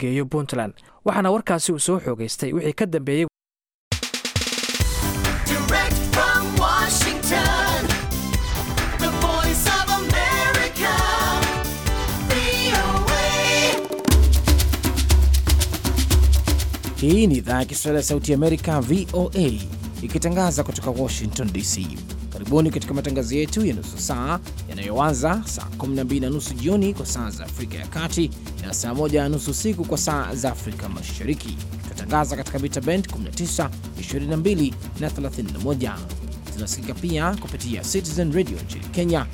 geeyo puntland waxaana warkaasi uu soo xoogaystay wixii ka dambeeyey Hii ni idhaa ya Kiswahili ya Sauti Amerika, VOA, ikitangaza kutoka Washington DC. Karibuni katika matangazo yetu ya nusu saa yanayoanza saa 12 na nusu jioni kwa saa za Afrika ya Kati na saa 1 na nusu usiku kwa saa za Afrika Mashariki. Tunatangaza katika mita bend 19, 22 na 31. Tunasikika pia kupitia Citizen Radio nchini Kenya,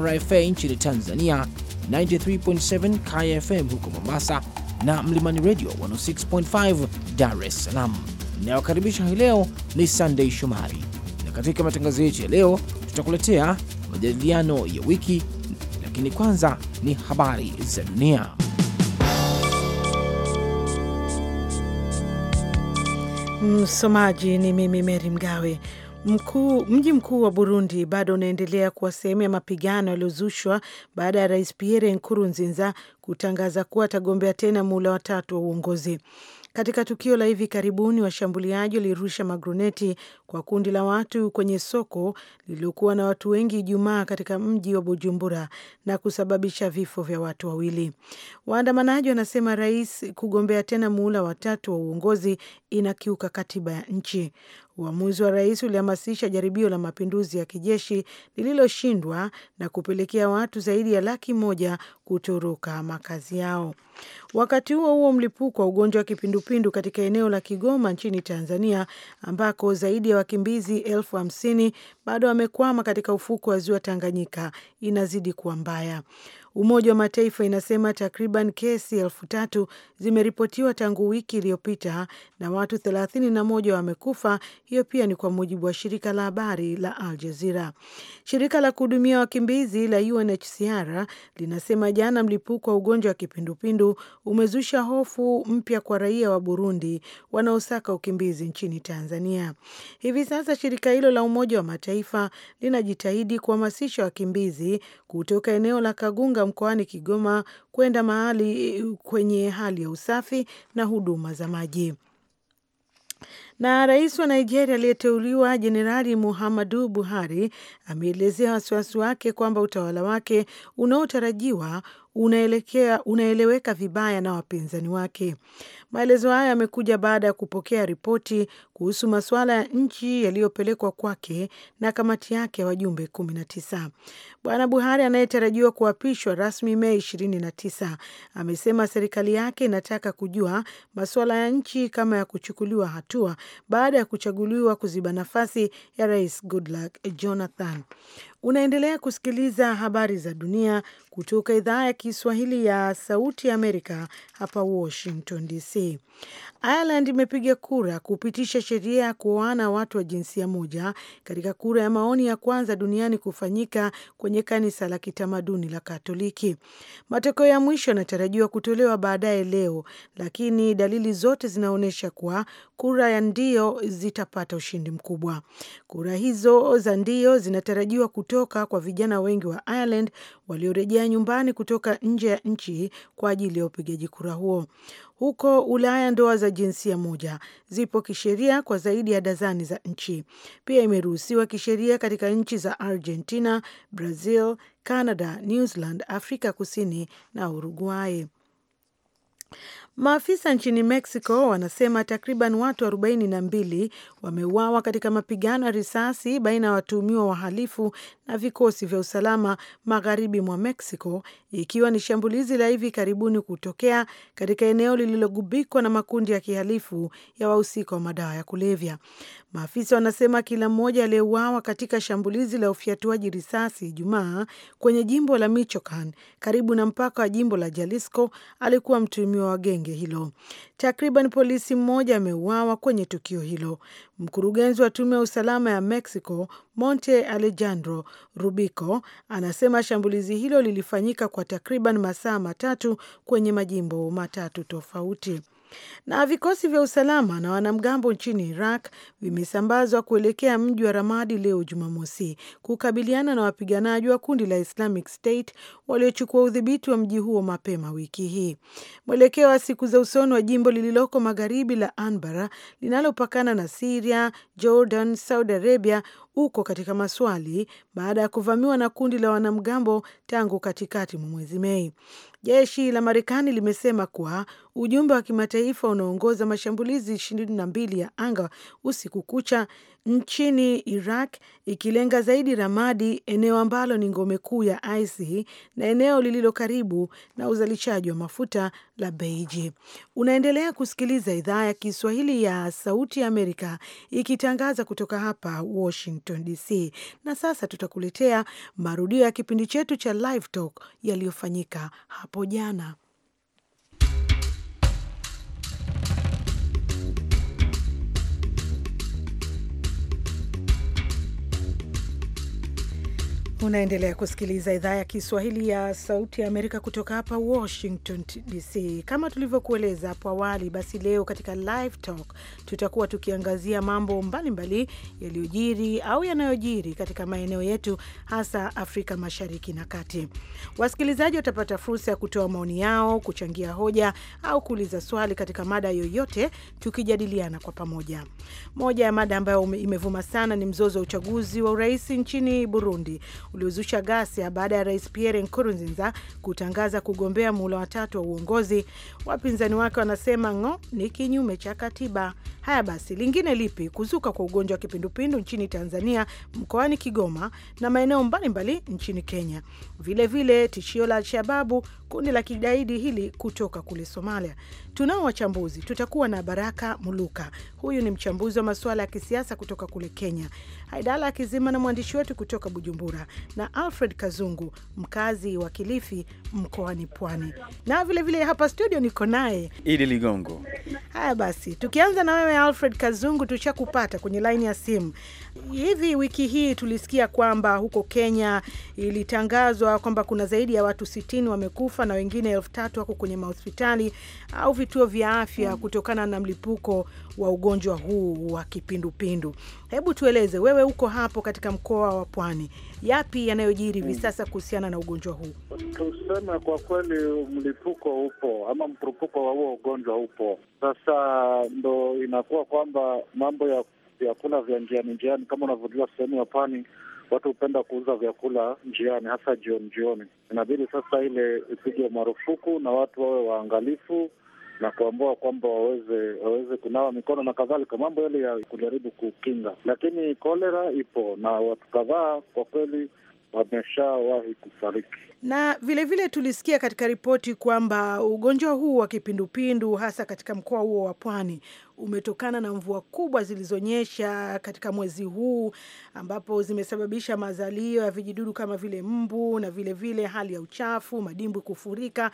RFA nchini Tanzania, 93.7 KFM huko Mombasa na Mlimani Radio 106.5 Dar es Salaam. Inayokaribisha hii leo ni Sunday Shomari na katika matangazo yetu ya leo tutakuletea majadiliano ya wiki, lakini kwanza ni habari za dunia. Msomaji ni mimi Meri Mgawe. Mkuu, mji mkuu wa Burundi bado unaendelea kuwa sehemu ya mapigano yaliyozushwa baada ya Rais Pierre Nkurunziza kutangaza kuwa atagombea tena muhula watatu wa uongozi. Katika tukio la hivi karibuni, washambuliaji walirusha magruneti kwa kundi la watu kwenye soko lililokuwa na watu wengi Ijumaa katika mji wa Bujumbura na kusababisha vifo vya watu wawili. Waandamanaji wanasema rais kugombea tena muhula watatu wa uongozi inakiuka katiba ya nchi. Uamuzi wa rais ulihamasisha jaribio la mapinduzi ya kijeshi lililoshindwa na kupelekea watu zaidi ya laki moja kutoroka makazi yao. Wakati huo huo, mlipuko wa ugonjwa wa kipindupindu katika eneo la Kigoma nchini Tanzania ambako zaidi ya wakimbizi elfu hamsini bado wamekwama katika ufuko wa ziwa Tanganyika inazidi kuwa mbaya. Umoja wa Mataifa inasema takriban kesi elfu tatu zimeripotiwa tangu wiki iliyopita na watu thelathini na moja wamekufa. Hiyo pia ni kwa mujibu wa shirika la habari la Al Jazeera. Shirika la kuhudumia wakimbizi la UNHCR linasema jana mlipuko wa ugonjwa wa kipindupindu umezusha hofu mpya kwa raia wa Burundi wanaosaka ukimbizi nchini Tanzania. Hivi sasa shirika hilo la Umoja wa Mataifa linajitahidi kuhamasisha wakimbizi kutoka eneo la Kagunga Shinyanga mkoani Kigoma kwenda mahali kwenye hali ya usafi na huduma za maji. Na rais wa Nigeria aliyeteuliwa Jenerali Muhammadu Buhari ameelezea wasiwasi wake kwamba utawala wake unaotarajiwa unaelekea unaeleweka vibaya na wapinzani wake. Maelezo hayo yamekuja baada ya kupokea ripoti kuhusu masuala ya nchi yaliyopelekwa kwake na kamati yake ya wajumbe tisa. Bwana Buhari anayetarajiwa kuapishwa rasmi Mei tisa amesema serikali yake inataka kujua masuala ya nchi kama ya kuchukuliwa hatua baada ya kuchaguliwa kuziba nafasi ya Rais Goodluck Jonathan. Unaendelea kusikiliza habari za dunia kutoka idhaa ya Kiswahili ya Sauti ya Amerika hapa Washington DC. Ireland imepiga kura kupitisha sheria ya kuoana watu wa jinsia moja katika kura ya maoni ya kwanza duniani kufanyika kwenye kanisa la kitamaduni la Katoliki. Matokeo ya mwisho yanatarajiwa kutolewa baadaye leo, lakini dalili zote zinaonyesha kuwa kura ya ndio zitapata ushindi mkubwa. Kura hizo za ndio zinatarajiwa kutoka kwa vijana wengi wa Ireland waliorejea kurejea nyumbani kutoka nje ya nchi kwa ajili ya upigaji kura huo. Huko Ulaya, ndoa za jinsia moja zipo kisheria kwa zaidi ya dazani za nchi. Pia imeruhusiwa kisheria katika nchi za Argentina, Brazil, Canada, New Zealand, Afrika Kusini na Uruguay. Maafisa nchini Mexico wanasema takriban watu 42 wameuawa katika mapigano ya risasi baina ya watuhumiwa wahalifu na vikosi vya usalama magharibi mwa Mexico, ikiwa ni shambulizi la hivi karibuni kutokea katika eneo lililogubikwa na makundi ya kihalifu ya wahusika wa madawa ya kulevya. Maafisa wanasema kila mmoja aliyeuawa katika shambulizi la ufyatuaji risasi Ijumaa kwenye jimbo la Michoacan karibu na mpaka wa jimbo la Jalisco alikuwa mtuhumiwa wa genge hilo. Takriban polisi mmoja ameuawa kwenye tukio hilo. Mkurugenzi wa tume ya usalama ya Mexico Monte Alejandro Rubico anasema shambulizi hilo lilifanyika kwa takriban masaa matatu kwenye majimbo matatu tofauti. Na vikosi vya usalama na wanamgambo nchini Iraq vimesambazwa kuelekea mji wa Ramadi leo Jumamosi kukabiliana na wapiganaji wa kundi la Islamic State waliochukua udhibiti wa mji huo mapema wiki hii. Mwelekeo wa siku za usoni wa jimbo lililoko magharibi la Anbara linalopakana na Siria, Jordan, Saudi Arabia uko katika maswali baada ya kuvamiwa na kundi la wanamgambo tangu katikati mwa mwezi Mei. Jeshi la Marekani limesema kuwa ujumbe wa kimataifa unaoongoza mashambulizi ishirini na mbili ya anga usiku kucha nchini Iraq ikilenga zaidi Ramadi, eneo ambalo ni ngome kuu ya ic na eneo lililo karibu na uzalishaji wa mafuta la Beiji. Unaendelea kusikiliza idhaa ya Kiswahili ya Sauti ya Amerika ikitangaza kutoka hapa Washington DC. Na sasa tutakuletea marudio ya kipindi chetu cha Live Talk yaliyofanyika hapo jana. Unaendelea kusikiliza idhaa ya Kiswahili ya Sauti ya Amerika kutoka hapa Washington DC. Kama tulivyokueleza hapo awali, basi leo katika Live Talk tutakuwa tukiangazia mambo mbalimbali yaliyojiri au yanayojiri katika maeneo yetu, hasa Afrika Mashariki na Kati. Wasikilizaji watapata fursa ya kutoa maoni yao, kuchangia hoja au kuuliza swali katika mada yoyote, tukijadiliana kwa pamoja. Moja ya mada ambayo imevuma sana ni mzozo wa uchaguzi wa urais nchini Burundi uliozusha ghasia baada ya rais Pierre Nkurunziza kutangaza kugombea muhula watatu wa uongozi. Wapinzani wake wanasema ng'o ni kinyume cha katiba. Haya basi, lingine lipi? Kuzuka kwa ugonjwa wa kipindupindu nchini Tanzania, mkoani Kigoma na maeneo mbalimbali nchini Kenya, vilevile vile, tishio la Alshababu, kundi la kigaidi hili kutoka kule Somalia. Tunao wachambuzi, tutakuwa na Baraka Muluka, huyu ni mchambuzi wa masuala ya kisiasa kutoka kule Kenya, Haidala Akizima na mwandishi wetu kutoka Bujumbura, na Alfred Kazungu, mkazi wa Kilifi mkoani Pwani, na vilevile vile hapa studio niko naye Idi Ligongo. Haya basi, tukianza na wewe Alfred Kazungu, tushakupata kwenye laini ya simu. Hivi wiki hii tulisikia kwamba huko Kenya ilitangazwa kwamba kuna zaidi ya watu sitini wamekufa na wengine elfu tatu wako kwenye mahospitali au vituo vya afya hmm. kutokana na mlipuko wa ugonjwa huu wa kipindupindu. Hebu tueleze wewe, uko hapo katika mkoa wa Pwani, yapi yanayojiri hivi hmm. sasa kuhusiana na ugonjwa huu? Tuseme kwa kweli, mlipuko upo ama mpurupuko wa huo ugonjwa upo. Sasa ndo inakuwa kwamba mambo ya vyakula vya njiani njiani. Kama unavyojua sehemu ya pwani watu hupenda kuuza vyakula njiani, hasa jioni jioni. Inabidi sasa ile ipigwe marufuku na watu wawe waangalifu na kuambua kwamba waweze waweze kunawa mikono na kadhalika, mambo yale ya kujaribu kukinga. Lakini kolera ipo na watu kadhaa kwa kweli wameshawahi kufariki. Na vilevile vile tulisikia katika ripoti kwamba ugonjwa huu wa kipindupindu hasa katika mkoa huo wa Pwani umetokana na mvua kubwa zilizonyesha katika mwezi huu ambapo zimesababisha mazalio ya vijidudu kama vile mbu na vilevile vile hali ya uchafu, madimbwi kufurika.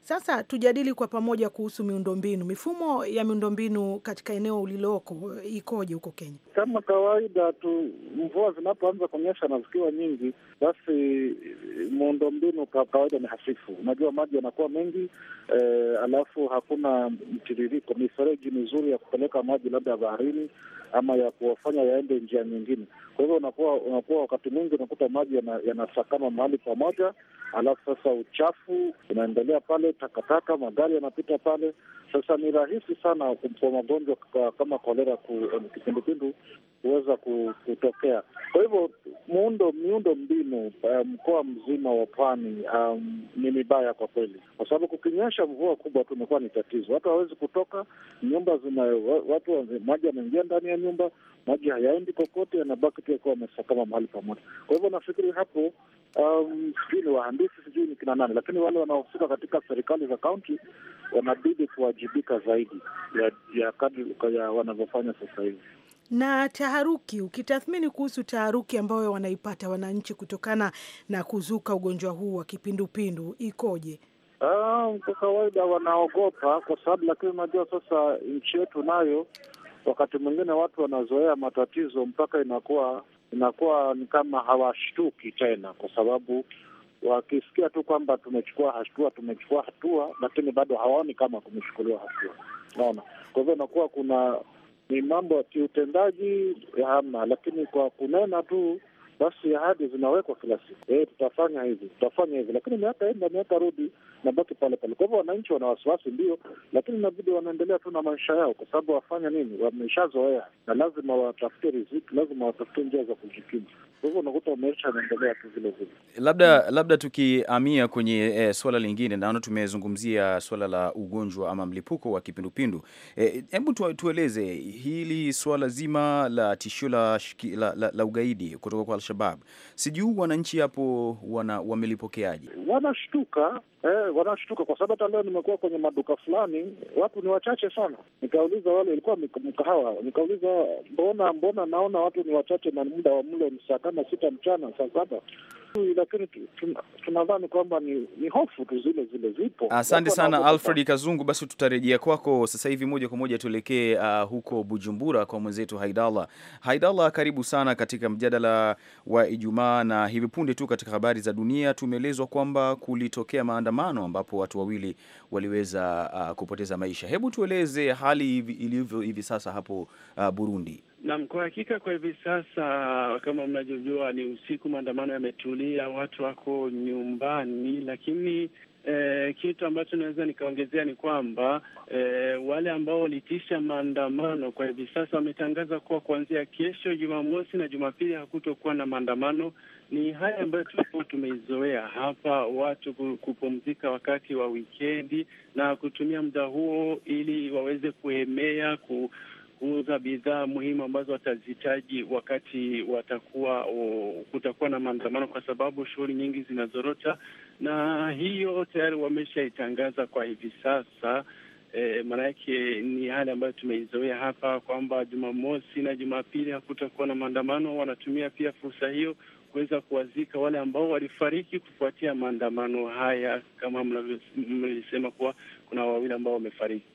Sasa tujadili kwa pamoja kuhusu miundombinu, mifumo ya miundombinu katika eneo uliloko ikoje huko Kenya? Kama kawaida tu mvua zinapoanza kunyesha na zikiwa nyingi basi eh, muundombinu kwa kawaida ni hafifu. Unajua, maji yanakuwa mengi e, alafu hakuna mtiririko. Mifereji mizuri ya kupeleka maji labda ya baharini ama ya kuwafanya yaende njia nyingine. Kwa hivyo unakuwa unakuwa wakati mwingi unakuta maji yanasakama yana mahali pamoja, alafu sasa uchafu unaendelea pale, takataka, magari yanapita pale. Sasa ni rahisi sana kwa magonjwa kama kolera, eh, kipindupindu kuweza kutokea. Kwa hivyo muundo miundo mbinu eh, mkoa um, mzima wa pwani um, ni mibaya kwa kweli, kwa sababu kukinyesha mvua kubwa tu ni tatizo. Watu hawawezi kutoka nyumba zina watu, maji yanaingia ndani ya nyumba, maji hayaendi kokote, yanabaki tu yakiwa amesakama mahali pamoja. Kwa hivyo nafikiri hapo um, sijui ni wahandisi sijui ni kina nani, lakini wale wanaohusika katika serikali za kaunti wanabidi kuwajibika zaidi ya, ya kadri ya wanavyofanya sasa hivi na taharuki. Ukitathmini kuhusu taharuki ambayo wanaipata wananchi kutokana na kuzuka ugonjwa huu wa kipindupindu ikoje? Um, kwa kawaida wanaogopa kwa sababu, lakini unajua sasa nchi yetu nayo wakati mwingine watu wanazoea matatizo mpaka inakuwa inakuwa ni kama hawashtuki tena, kwa sababu wakisikia tu kwamba tumechukua hatua tumechukua hatua, lakini bado hawaoni kama kumechukuliwa hatua. Naona kwa hivyo inakuwa kuna ni mambo ya kiutendaji hamna, lakini kwa kunena tu basi ahadi zinawekwa kila siku, e, tutafanya hivi tutafanya hivi, lakini miaka enda miaka rudi, nabaki pale pale. Kwa hivyo wananchi wana wasiwasi ndio, lakini inabidi wanaendelea tu na maisha yao, kwa sababu wafanya nini, wameshazoea na lazima watafute riziki, lazima watafute njia za kujikimu. Kwa hivyo unakuta maisha yanaendelea tu vile vile. Labda labda tukiamia kwenye e, swala lingine, naona tumezungumzia swala la ugonjwa ama mlipuko wa kipindupindu. Eh, hebu e, tueleze hili swala zima la tishio la, la, la, la ugaidi kutoka kwa Alshabab, sijui wananchi hapo wana, wamelipokeaje? Wanashtuka eh, wanashtuka kwa sababu hata leo nimekuwa kwenye maduka fulani, watu ni wachache sana. Nikauliza wale, ilikuwa mkahawa, nikauliza mbona mbona naona watu ni wachache na muda wa mlo ni saa kama sita mchana, saa saba lakini tunadhani kwamba ni, ni hofu tu zile zile zipo. Asante sana Alfred Kazungu, basi tutarejea kwako sasa hivi moja kwa moja tuelekee uh, huko Bujumbura kwa mwenzetu Haidallah. Haidallah, karibu sana katika mjadala wa Ijumaa, na hivi punde tu katika habari za dunia tumeelezwa kwamba kulitokea maandamano mapambano ambapo watu wawili waliweza uh, kupoteza maisha. Hebu tueleze hali ilivyo hivi sasa hapo uh, Burundi. Naam, kwa hakika kwa hivi sasa kama mnavyojua ni usiku, maandamano yametulia, watu wako nyumbani, lakini eh, kitu ambacho naweza nikaongezea ni kwamba eh, wale ambao walitisha maandamano kwa hivi sasa wametangaza kuwa kuanzia kesho Jumamosi na Jumapili hakutokuwa na maandamano. Ni hali ambayo tulikuwa tumeizoea hapa, watu kupumzika wakati wa wikendi na kutumia muda huo ili waweze kuhemea ku kuuza bidhaa muhimu ambazo watazihitaji wakati watakuwa o, kutakuwa na maandamano, kwa sababu shughuli nyingi zinazorota, na hiyo tayari wameshaitangaza kwa hivi sasa e, yake ni hali ambayo tumeizoea hapa kwamba Jumamosi na Jumapili hakutakuwa na maandamano. Wanatumia pia fursa hiyo kuweza kuwazika wale ambao walifariki kufuatia maandamano haya, kama mlisema kuwa kuna wawili ambao wamefariki.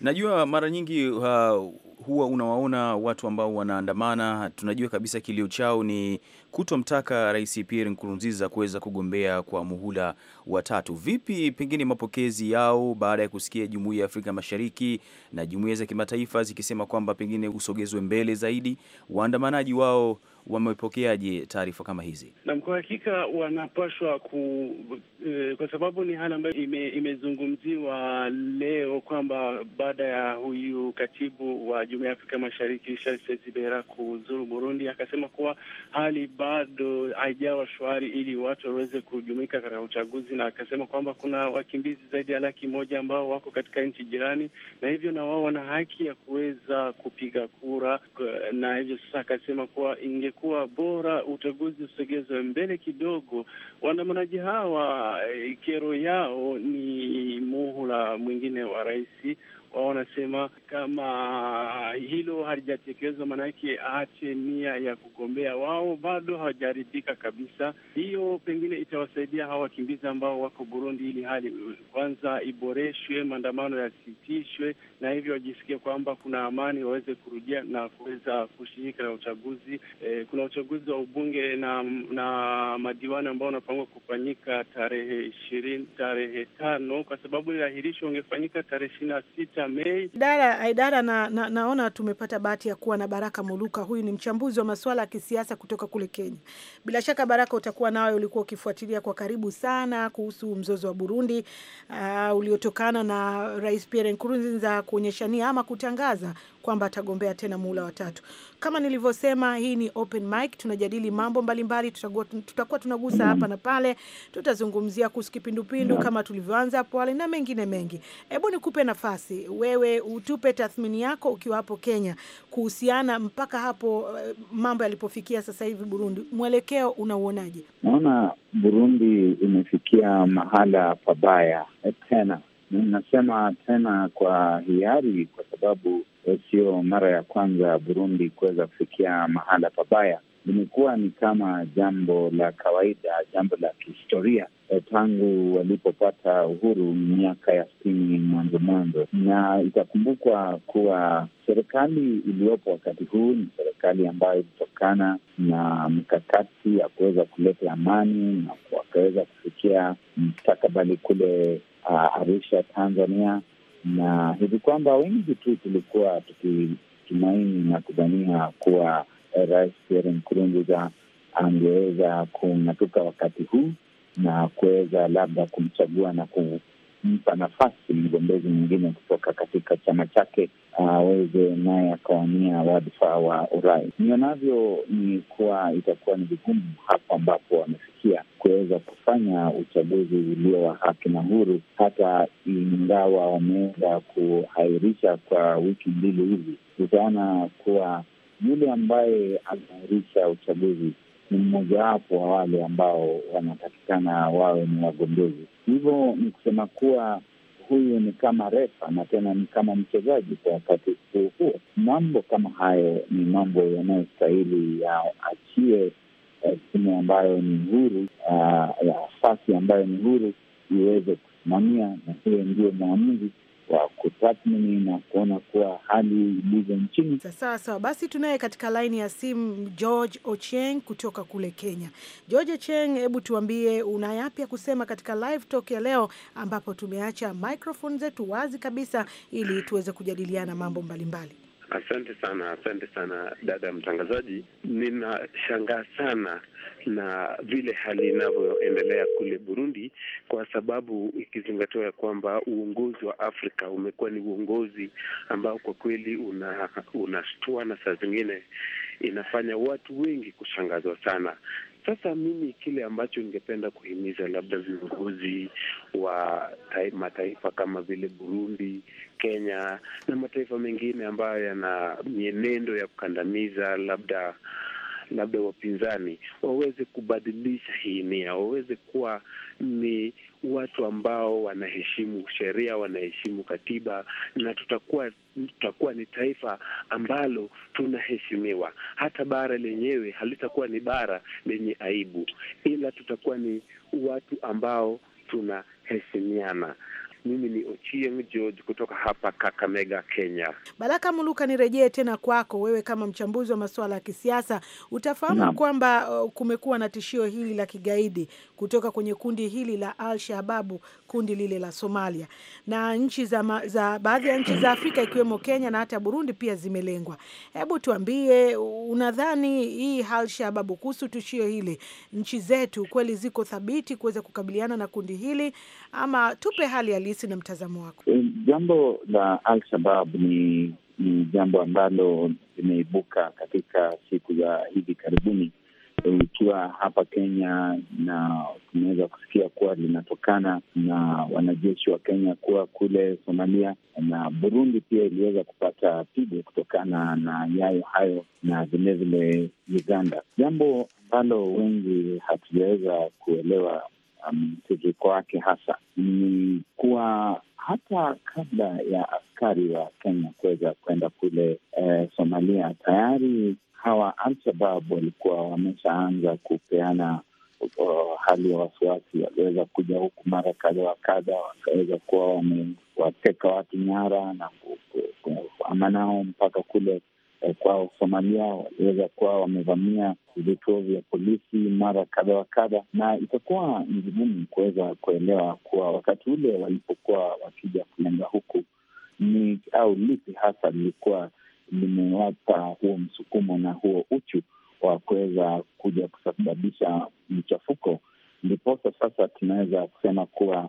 Najua mara nyingi uh, huwa unawaona watu ambao wanaandamana, tunajua kabisa kilio chao ni kutomtaka Rais Pierre Nkurunziza kuweza kugombea kwa muhula wa tatu. Vipi pengine mapokezi yao baada ya kusikia jumuiya ya Afrika Mashariki na jumuiya za kimataifa zikisema kwamba pengine usogezwe mbele zaidi, waandamanaji wao wamepokeaje taarifa kama hizi? Naam, kwa hakika wanapashwa ku e, kwa sababu ni hali ambayo ime, imezungumziwa leo kwamba baada ya huyu katibu wa Jumuiya ya Afrika Mashariki Charles Zibera kuzuru Burundi, akasema kuwa hali bado haijawa shwari ili watu waweze kujumuika katika uchaguzi, na akasema kwamba kuna wakimbizi zaidi ya laki moja ambao wako katika nchi jirani, na hivyo na wao wana haki ya kuweza kupiga kura, na hivyo sasa akasema kuwa inge ingekuwa bora uchaguzi usogezwe mbele kidogo. Waandamanaji hawa eh, kero yao ni muhula mwingine wa rais wao wanasema kama hilo halijatekelezwa, maanake aache nia ya kugombea. Wao bado hawajaridhika kabisa. Hiyo pengine itawasaidia hawa wakimbizi ambao wako Burundi, ili hali kwanza iboreshwe, maandamano yasitishwe, na hivyo wajisikie kwamba kuna amani, waweze kurudia na kuweza kushiriki na uchaguzi. E, kuna uchaguzi wa ubunge na na madiwani ambao unapangwa kufanyika tarehe ishirini tarehe tano kwa sababu iliahirishwa, ungefanyika tarehe ishirini na sita sita Mei. Idara na, na, naona tumepata bahati ya kuwa na Baraka Muluka. Huyu ni mchambuzi wa masuala ya kisiasa kutoka kule Kenya. Bila shaka Baraka, utakuwa nawe ulikuwa ukifuatilia kwa karibu sana kuhusu mzozo wa Burundi uh, uliotokana na Rais Pierre Nkurunziza nia ama kutangaza kwamba atagombea tena muhula watatu. Kama nilivyosema, hii ni open mic, tunajadili mambo mbalimbali, tutakuwa tunagusa hapa na pale, tutazungumzia kuhusu kipindupindu kama tulivyoanza hapo wale na mengine mengi. Hebu nikupe nafasi wewe, utupe tathmini yako ukiwa hapo Kenya kuhusiana mpaka hapo eh, mambo yalipofikia sasa hivi Burundi, mwelekeo unauonaje? Naona Burundi imefikia mahala pabaya eh, tena, nasema tena kwa hiari, kwa sababu Eh, sio mara ya kwanza Burundi kuweza kufikia mahala pabaya. Limekuwa ni kama jambo la kawaida, jambo la kihistoria eh, tangu walipopata uhuru miaka ya sitini mwanzo mwanzo, na itakumbukwa kuwa serikali iliyopo wakati huu ni serikali ambayo ilitokana na mkakati ya kuweza kuleta amani na wakaweza kufikia mstakabali kule uh, Arusha, Tanzania na hivi kwamba wengi tu tulikuwa tukitumaini na kudhania kuwa eh, Rais Pierre Nkurunziza angeweza kung'atuka wakati huu na kuweza labda kumchagua na kumpa nafasi mgombezi mwingine kutoka katika chama chake aweze naye akawania wadhifa wa urais. Nionavyo ni kuwa itakuwa ni vigumu hapo ambapo wamefikia kuweza kufanya uchaguzi ulio wa haki na huru, hata ingawa wameweza kuhairisha kwa wiki mbili hivi. Utaona kuwa yule ambaye amehairisha uchaguzi ni mmojawapo wa wale ambao wanatakikana wawe ni wagombezi. Hivyo ni kusema kuwa huyu ni kama refa na tena ni kama mchezaji kwa wakati huu huo. Mambo kama hayo ni mambo yanayostahili yaachie eh, timu ambayo ni huru, ah, nafasi ambayo ni huru iweze kusimamia, na hiyo ndio maamuzi wa kutathmini na kuona kuwa hali ilivyo nchini. Sawa sawa, basi tunaye katika laini ya simu George Ochieng kutoka kule Kenya. George Ochieng, hebu tuambie una yapi ya kusema katika live talk ya leo, ambapo tumeacha microphone zetu wazi kabisa ili tuweze kujadiliana mambo mbalimbali mbali. Asante sana, asante sana dada ya mtangazaji. Ninashangaa sana na vile hali inavyoendelea kule Burundi, kwa sababu ikizingatiwa ya kwamba uongozi wa Afrika umekuwa ni uongozi ambao kwa kweli unashtua una na saa zingine inafanya watu wengi kushangazwa sana sasa mimi kile ambacho ningependa kuhimiza labda viongozi wa mataifa kama vile Burundi, Kenya na mataifa mengine ambayo yana mienendo ya kukandamiza labda labda wapinzani waweze kubadilisha hii nia, waweze kuwa ni watu ambao wanaheshimu sheria, wanaheshimu katiba, na tutakuwa tutakuwa ni taifa ambalo tunaheshimiwa. Hata bara lenyewe halitakuwa ni bara lenye aibu, ila tutakuwa ni watu ambao tunaheshimiana. Mimi ni Ochieng George kutoka hapa Kakamega, Kenya. Baraka Muluka, nirejee tena kwako wewe, kama mchambuzi wa masuala ya kisiasa, utafahamu kwamba uh, kumekuwa na tishio hili la kigaidi kutoka kwenye kundi hili la Al Shababu, kundi lile la Somalia na nchi za, za baadhi ya nchi za Afrika ikiwemo Kenya na hata Burundi pia zimelengwa. Hebu tuambie, unadhani hii Al Shababu kuhusu tishio hili, nchi zetu kweli ziko thabiti kuweza kukabiliana na kundi hili ama tupe hali unahisi na mtazamo wako? Eh, jambo la alshabab ni ni jambo ambalo limeibuka katika siku za hivi karibuni, eh, ikiwa hapa Kenya, na tumeweza kusikia kuwa linatokana na wanajeshi wa Kenya kuwa kule Somalia, na Burundi pia iliweza kupata pigo kutokana na yayo hayo, na vilevile Uganda, jambo ambalo wengi hatujaweza kuelewa um, wake hasa ni kuwa hata kabla ya askari wa Kenya kuweza kwenda kule eh, Somalia, tayari hawa Alshabab walikuwa wameshaanza kupeana uh, hali ya wasiwasi. Waliweza kuja huku mara kadha wa kadha, wakaweza kuwa wamewateka watu nyara na kuama nao mpaka kule Eh, kwa Somalia waliweza kuwa wamevamia vituo vya polisi mara kadha wa kadha, na itakuwa ni vigumu kuweza kuelewa kuwa wakati ule walipokuwa wakija kulenga huku ni au lipi hasa lilikuwa limewapa huo msukumo na huo uchu wa kuweza kuja kusababisha mchafuko. Ndiposa sasa tunaweza kusema kuwa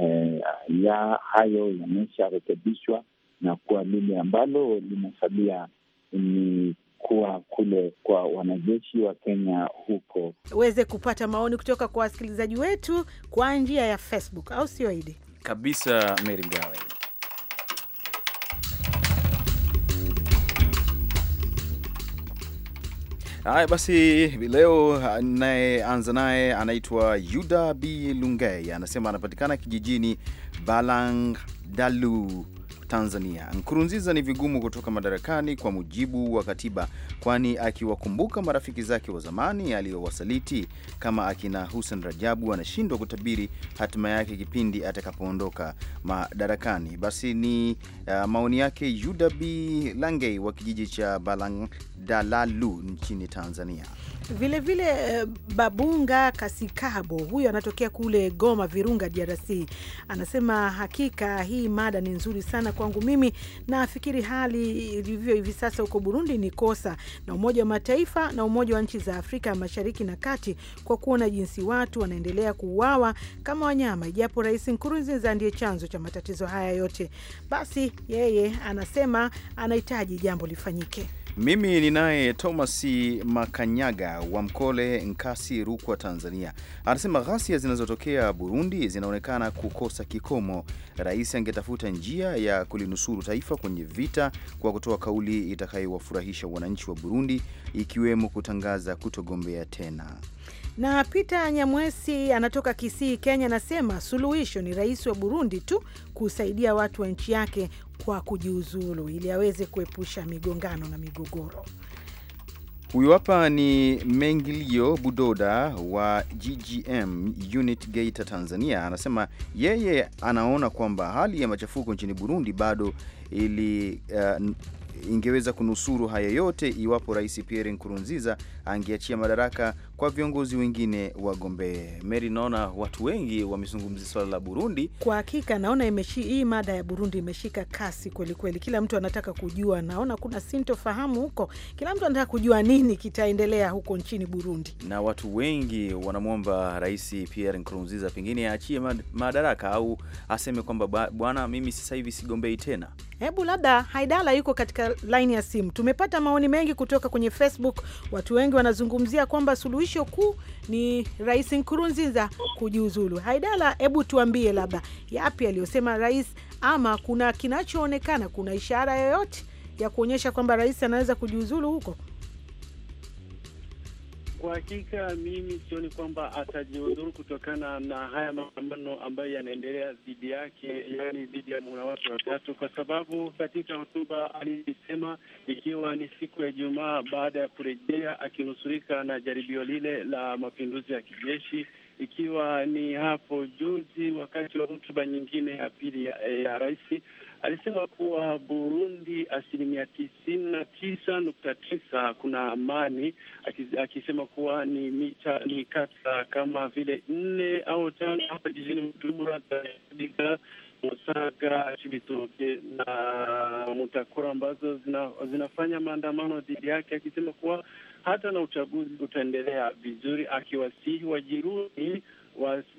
eh, ya hayo yamesharekebishwa na kuwa lile ambalo limesalia ni kuwa kule kwa wanajeshi wa Kenya huko, uweze kupata maoni kutoka kwa wasikilizaji wetu kwa njia ya Facebook, au sio? Idi kabisa, Meri Mgawe. Haya basi, leo anayeanza naye anaitwa Yuda B Lungei, anasema anapatikana kijijini balangdalu Tanzania. Nkurunziza ni vigumu kutoka madarakani kwa mujibu wa katiba, kwani akiwakumbuka marafiki zake wa zamani aliyowasaliti kama akina Hussein Rajabu anashindwa kutabiri hatima yake kipindi atakapoondoka madarakani. Basi ni uh, maoni yake udb Langei wa kijiji cha Balandalalu nchini Tanzania. Vilevile vile, eh, Babunga Kasikabo huyo anatokea kule Goma Virunga, DRC, anasema hakika hii mada ni nzuri sana kwangu mimi, nafikiri hali ilivyo hivi sasa huko Burundi ni kosa na Umoja wa Mataifa na Umoja wa nchi za Afrika Mashariki na Kati kwa kuona jinsi watu wanaendelea kuuawa kama wanyama, ijapo Rais Nkurunziza ndiye chanzo cha matatizo haya yote. Basi yeye anasema anahitaji jambo lifanyike. Mimi ni naye Thomas Makanyaga wa Mkole, Nkasi, Rukwa, Tanzania, anasema ghasia zinazotokea Burundi zinaonekana kukosa kikomo. Rais angetafuta njia ya kulinusuru taifa kwenye vita kwa kutoa kauli itakayowafurahisha wananchi wa Burundi, ikiwemo kutangaza kutogombea tena. Na Peter Nyamwesi anatoka Kisii, Kenya, anasema suluhisho ni rais wa Burundi tu kusaidia watu wa nchi yake kwa kujiuzulu ili aweze kuepusha migongano na migogoro. Huyu hapa ni Mengilio Budoda wa GGM unit Geita, Tanzania, anasema yeye anaona kwamba hali ya machafuko nchini Burundi bado ili uh, ingeweza kunusuru haya yote iwapo Rais Pierre Nkurunziza angeachia madaraka kwa viongozi wengine wagombee. Mary, naona watu wengi wamezungumzia swala la Burundi. Kwa hakika naona imeshi, hii mada ya Burundi imeshika kasi kwelikweli, kila mtu anataka kujua. Naona kuna sintofahamu huko, kila mtu anataka kujua nini kitaendelea huko nchini Burundi, na watu wengi wanamwomba Rais Pierre Nkurunziza pengine aachie madaraka au aseme kwamba bwana, mimi sasa hivi sigombei tena. Hebu labda Haidala yuko katika laini ya simu. Tumepata maoni mengi kutoka kwenye Facebook, watu wengi wanazungumzia kwamba suluhisho Tisho kuu ni Rais Nkurunziza kujiuzulu. Haidala, hebu tuambie labda yapi aliyosema rais, ama kuna kinachoonekana, kuna ishara yoyote ya kuonyesha kwamba rais anaweza kujiuzulu huko? Kwa hakika mimi sioni kwamba atajiuzuru kutokana na haya mapambano ambayo yanaendelea dhidi yake, yaani dhidi ya muhula wake watatu, kwa sababu katika hotuba alisema, ikiwa ni siku ya Ijumaa baada ya kurejea akinusurika na jaribio lile la mapinduzi ya kijeshi, ikiwa ni hapo juzi wakati wa hotuba nyingine ya pili ya, ya rais alisema kuwa Burundi asilimia tisini na tisa nukta tisa kuna amani, akisema kuwa ni mita ni kata kama vile nne au tano hapa jijini Mtumura Tanganyika, Musaga, Chibitoke na Mutakura ambazo zina, zinafanya maandamano dhidi yake, akisema kuwa hata na uchaguzi utaendelea vizuri, akiwasihi Wajirundi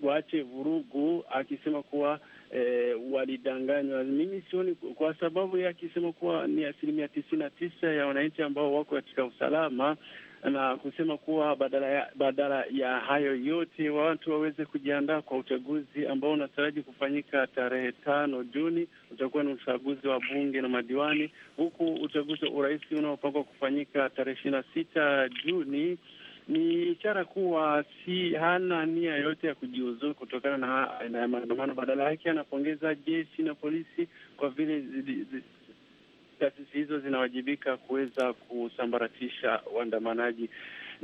waache vurugu, akisema kuwa e, walidanganywa. Mimi sioni kwa sababu ya akisema kuwa ni asilimia tisini na tisa ya wananchi ambao wako katika usalama na kusema kuwa badala ya, badala ya hayo yote watu waweze kujiandaa kwa uchaguzi ambao unataraji kufanyika tarehe tano Juni. Utakuwa ni uchaguzi wa bunge na madiwani, huku uchaguzi wa urais unaopangwa kufanyika tarehe ishirini na sita Juni ni ishara kuwa si hana nia yote ya kujiuzuru kutokana na aina ya maandamano. Badala yake anapongeza jeshi na polisi kwa vile taasisi hizo zinawajibika kuweza kusambaratisha waandamanaji.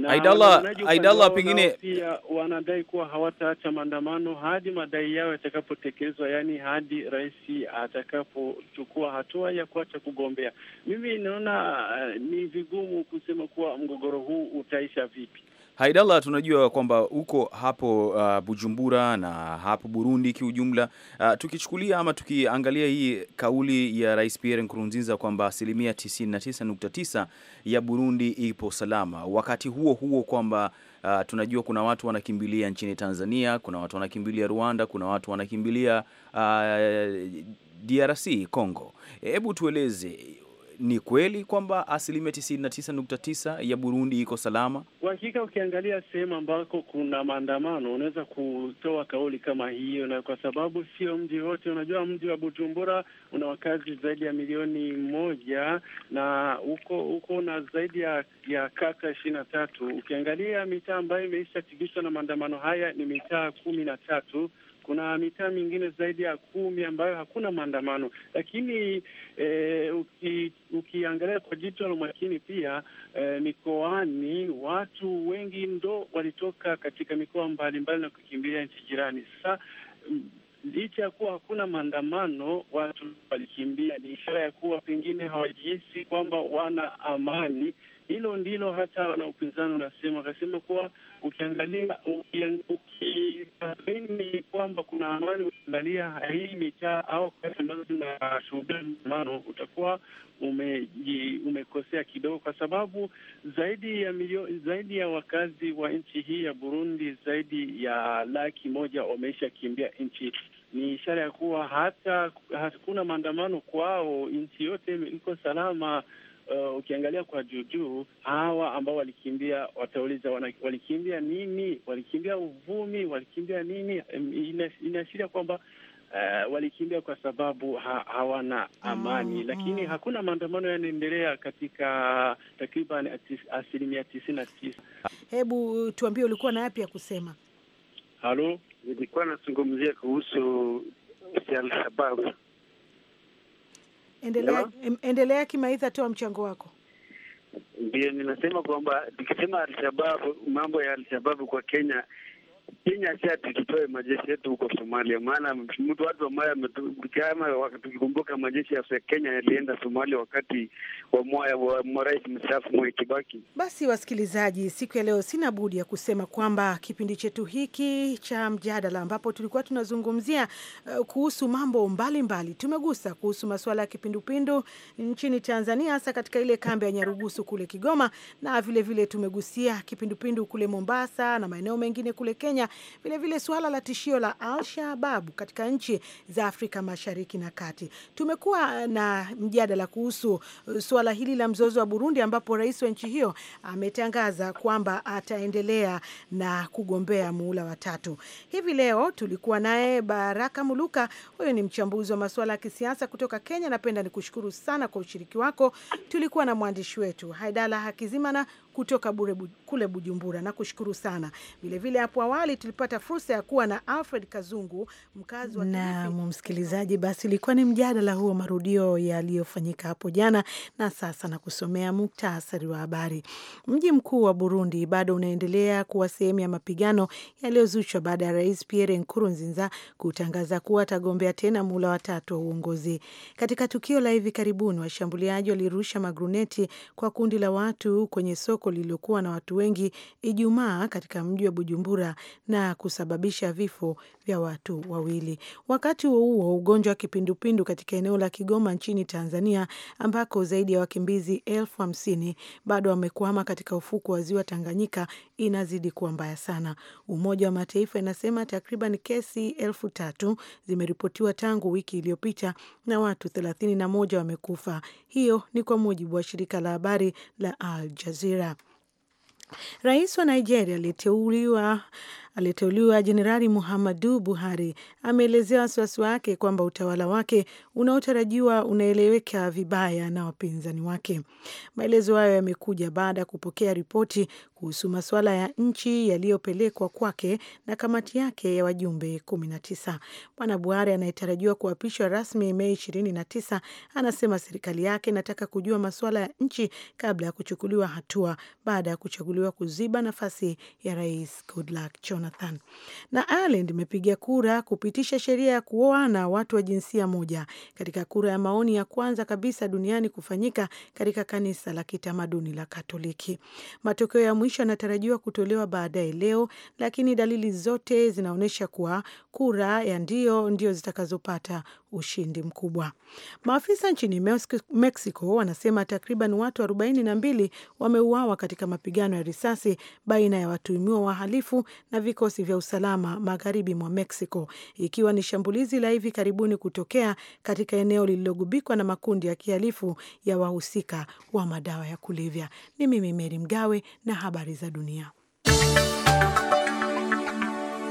Aidalla, Aidalla, pengine pia wanadai kuwa hawataacha maandamano hadi madai yao yatakapotekelezwa, yaani hadi rais atakapochukua hatua ya kuacha kugombea. Mimi naona uh, ni vigumu kusema kuwa mgogoro huu utaisha vipi. Haidala, tunajua kwamba huko hapo uh, Bujumbura na hapo Burundi kiujumla. Uh, tukichukulia ama tukiangalia hii kauli ya Rais Pierre Nkurunziza kwamba asilimia 99.9 ya Burundi ipo salama, wakati huo huo kwamba uh, tunajua kuna watu wanakimbilia nchini Tanzania, kuna watu wanakimbilia Rwanda, kuna watu wanakimbilia uh, DRC Congo. Hebu tueleze ni kweli kwamba asilimia 99.9 ya Burundi iko salama? Kwa hakika, ukiangalia sehemu ambako kuna maandamano unaweza kutoa kauli kama hiyo, na kwa sababu sio mji wote. Unajua, mji wa Bujumbura una wakazi zaidi ya milioni moja na huko huko na zaidi ya, ya kata ishirini na tatu. Ukiangalia mitaa ambayo imeisha tikishwa na maandamano haya ni mitaa kumi na tatu kuna mitaa mingine zaidi ya kumi ambayo hakuna maandamano, lakini e, uki, ukiangalia kwa jicho la umakini pia e, mikoani watu wengi ndo walitoka katika mikoa mbalimbali na kukimbilia nchi jirani. Sasa licha ya kuwa hakuna maandamano, watu walikimbia, ni ishara ya kuwa pengine hawajihisi kwamba wana amani hilo ndilo hata upinzani wanasema, wakasema kuwa ukiangalia ukitathmini kwamba kuna amani, ukiangalia hii mitaa au kati ambazo zinashuhudia msumano, utakuwa umeji, umekosea kidogo, kwa sababu zaidi ya milio, zaidi ya wakazi wa nchi hii ya Burundi zaidi ya laki moja wameisha kimbia nchi ni ishara ya kuwa hata hakuna maandamano kwao, nchi yote iko salama uh, ukiangalia kwa juujuu, hawa ambao walikimbia watauliza wana, walikimbia nini? Walikimbia uvumi? Walikimbia nini? Inaashiria kwamba Uh, walikimbia kwa sababu ha hawana amani oh, lakini oh, hakuna maandamano yanaendelea katika takriban asilimia tisini na tisa. Hebu tuambie ulikuwa na yapi ya kusema? Halo, nilikuwa nazungumzia kuhusu Al-Shabaab Endelea, endelea Kimaitha, toa mchango wako. Ndio ninasema kwamba tukisema Alshababu, mambo ya Alshababu kwa Kenya Kenya shati tutoe majeshi yetu huko Somalia, maana mtu watu ambaye ametukama, tukikumbuka majeshi ya Kenya yalienda Somalia wakati wa mwaya wa rais mstaafu Mwai Kibaki. Basi wasikilizaji, siku ya leo sina budi ya kusema kwamba kipindi chetu hiki cha mjadala ambapo tulikuwa tunazungumzia eh, kuhusu mambo mbalimbali mbali. Tumegusa kuhusu masuala ya kipindupindu nchini Tanzania, hasa katika ile kambi ya Nyarugusu kule Kigoma, na vilevile vile tumegusia kipindupindu kule Mombasa na maeneo mengine kule Kenya Kenya, vilevile suala la tishio la Al-Shababu katika nchi za Afrika Mashariki na Kati. Tumekuwa eh, na mjadala kuhusu eh, suala hili la mzozo wa Burundi, ambapo rais wa nchi hiyo ametangaza kwamba ataendelea na kugombea muhula wa tatu. Hivi leo tulikuwa naye Baraka Muluka, huyo ni mchambuzi wa masuala ya kisiasa kutoka Kenya. Napenda nikushukuru sana kwa ushiriki wako. Tulikuwa na mwandishi wetu Haidala Hakizimana kutoka bure kule Bujumbura. Nakushukuru sana. Vilevile hapo awali tulipata fursa ya kuwa na Alfred Kazungu, mkazi wa nam. Msikilizaji, basi ilikuwa ni mjadala huo, marudio yaliyofanyika hapo jana, na sasa na kusomea muktasari wa habari. Mji mkuu wa Burundi bado unaendelea kuwa sehemu ya mapigano yaliyozushwa baada ya Rais Pierre Nkurunziza kutangaza kuwa atagombea tena muula watatu wa uongozi. Katika tukio la hivi karibuni, washambuliaji walirusha magruneti kwa kundi la watu kwenye soko soko lililokuwa na watu wengi Ijumaa katika mji wa Bujumbura na kusababisha vifo vya watu wawili. Wakati huo huo, ugonjwa wa kipindupindu katika eneo la Kigoma nchini Tanzania, ambako zaidi ya wakimbizi elfu hamsini bado wamekwama katika ufuko wa ziwa Tanganyika inazidi kuwa mbaya sana. Umoja wa Mataifa inasema takriban kesi elfu tatu zimeripotiwa tangu wiki iliyopita na watu thelathini na moja wamekufa. Hiyo ni kwa mujibu wa shirika la habari la Al Jazeera. Rais wa Nigeria aliyeteuliwa aliyeteuliwa Jenerali Muhammadu Buhari ameelezea wasiwasi wake kwamba utawala wake unaotarajiwa unaeleweka vibaya na wapinzani wake. Maelezo hayo yamekuja baada ya kupokea ripoti kuhusu masuala ya nchi yaliyopelekwa kwake na kamati yake ya wajumbe kumi na tisa Bwana Buhari anayetarajiwa kuapishwa rasmi Mei tisa anasema serikali yake inataka kujua masuala ya nchi kabla ya kuchukuliwa hatua baada ya kuchaguliwa kuziba nafasi ya Rais Goodluck Jonathan. Jonathan. Na Ireland imepiga kura kupitisha sheria ya kuoa na watu wa jinsia moja katika kura ya maoni ya kwanza kabisa duniani kufanyika katika kanisa la kitamaduni la Katoliki. Matokeo ya mwisho yanatarajiwa kutolewa baadaye leo, lakini dalili zote zinaonyesha kuwa kura ya ndio ndio zitakazopata ushindi mkubwa. Maafisa nchini Mexico wanasema takriban watu mbili wameuawa katika mapigano ya risasi baina ya watuhumiwa wahalifu na vikosi vya usalama magharibi mwa Mexico, ikiwa ni shambulizi la hivi karibuni kutokea katika eneo lililogubikwa na makundi ya kihalifu ya wahusika wa madawa ya kulevya. Ni mimi Meri Mgawe na habari za dunia.